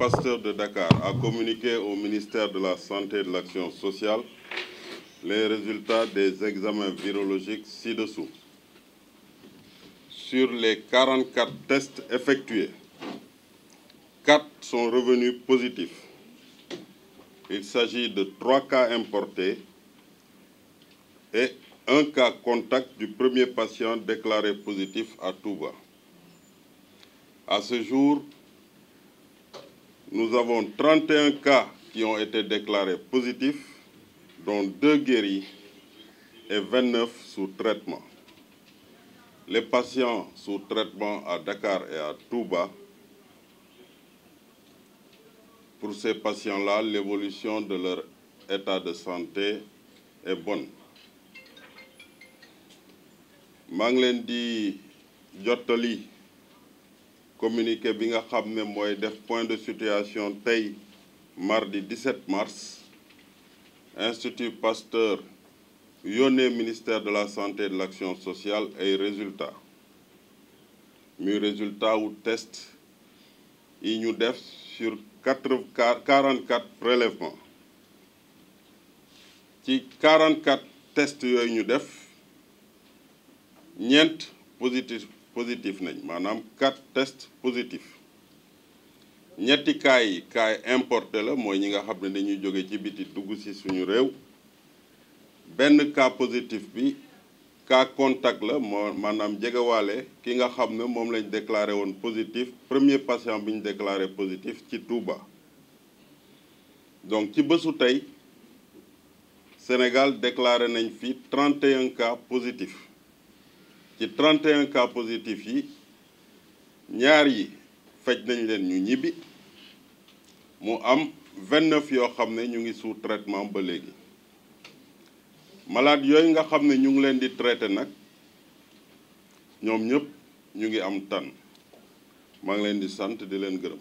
Pasteur de Dakar a communiqué au ministère de la Santé et de l'Action sociale les résultats des examens virologiques ci-dessous. Sur les 44 tests effectués, 4 sont revenus positifs. Il s'agit de 3 cas importés et un cas contact du premier patient déclaré positif à Touba. À ce jour, nous avons 31 cas qui ont été déclarés positifs, dont 2 guéris et 29 sous traitement. Les patients sous traitement à Dakar et à Touba, pour ces patients-là, l'évolution de leur état de santé est bonne. Manglendi Jotoli, communiqué bi nga xamné point de situation mardi 17 mars Institut Pasteur yone ministère de la santé et de l'action sociale et résultats Mais résultat ou test yi def sur 44 prélèvements ci 44 tests n'y ñu def de positif positif nañ maanaam quatre tests positifs ñetti cas yi importé la mooy ñi nga xam ne dañuy jóge ci biti dugg ci suñu réew benn cas positif bi cas contact la moo maanaam jegewaale ki nga xam ne moom lañ déclaré woon positif premier patient bi ñu déclaré positif ci Touba donc ci bésu tey Sénégal déclaré nañ fi 31 cas positif ci 31 cas positifs yi ñaar yi fej nañ leen ñu ñibbi mu am 29 yoo xam ne ñu ngi sous traitement ba léegi malaat yooyu nga xam ne ñu ngi leen di traité nag ñoom ñëpp ñu ngi am tan maa ngi leen di sant di leen gërëm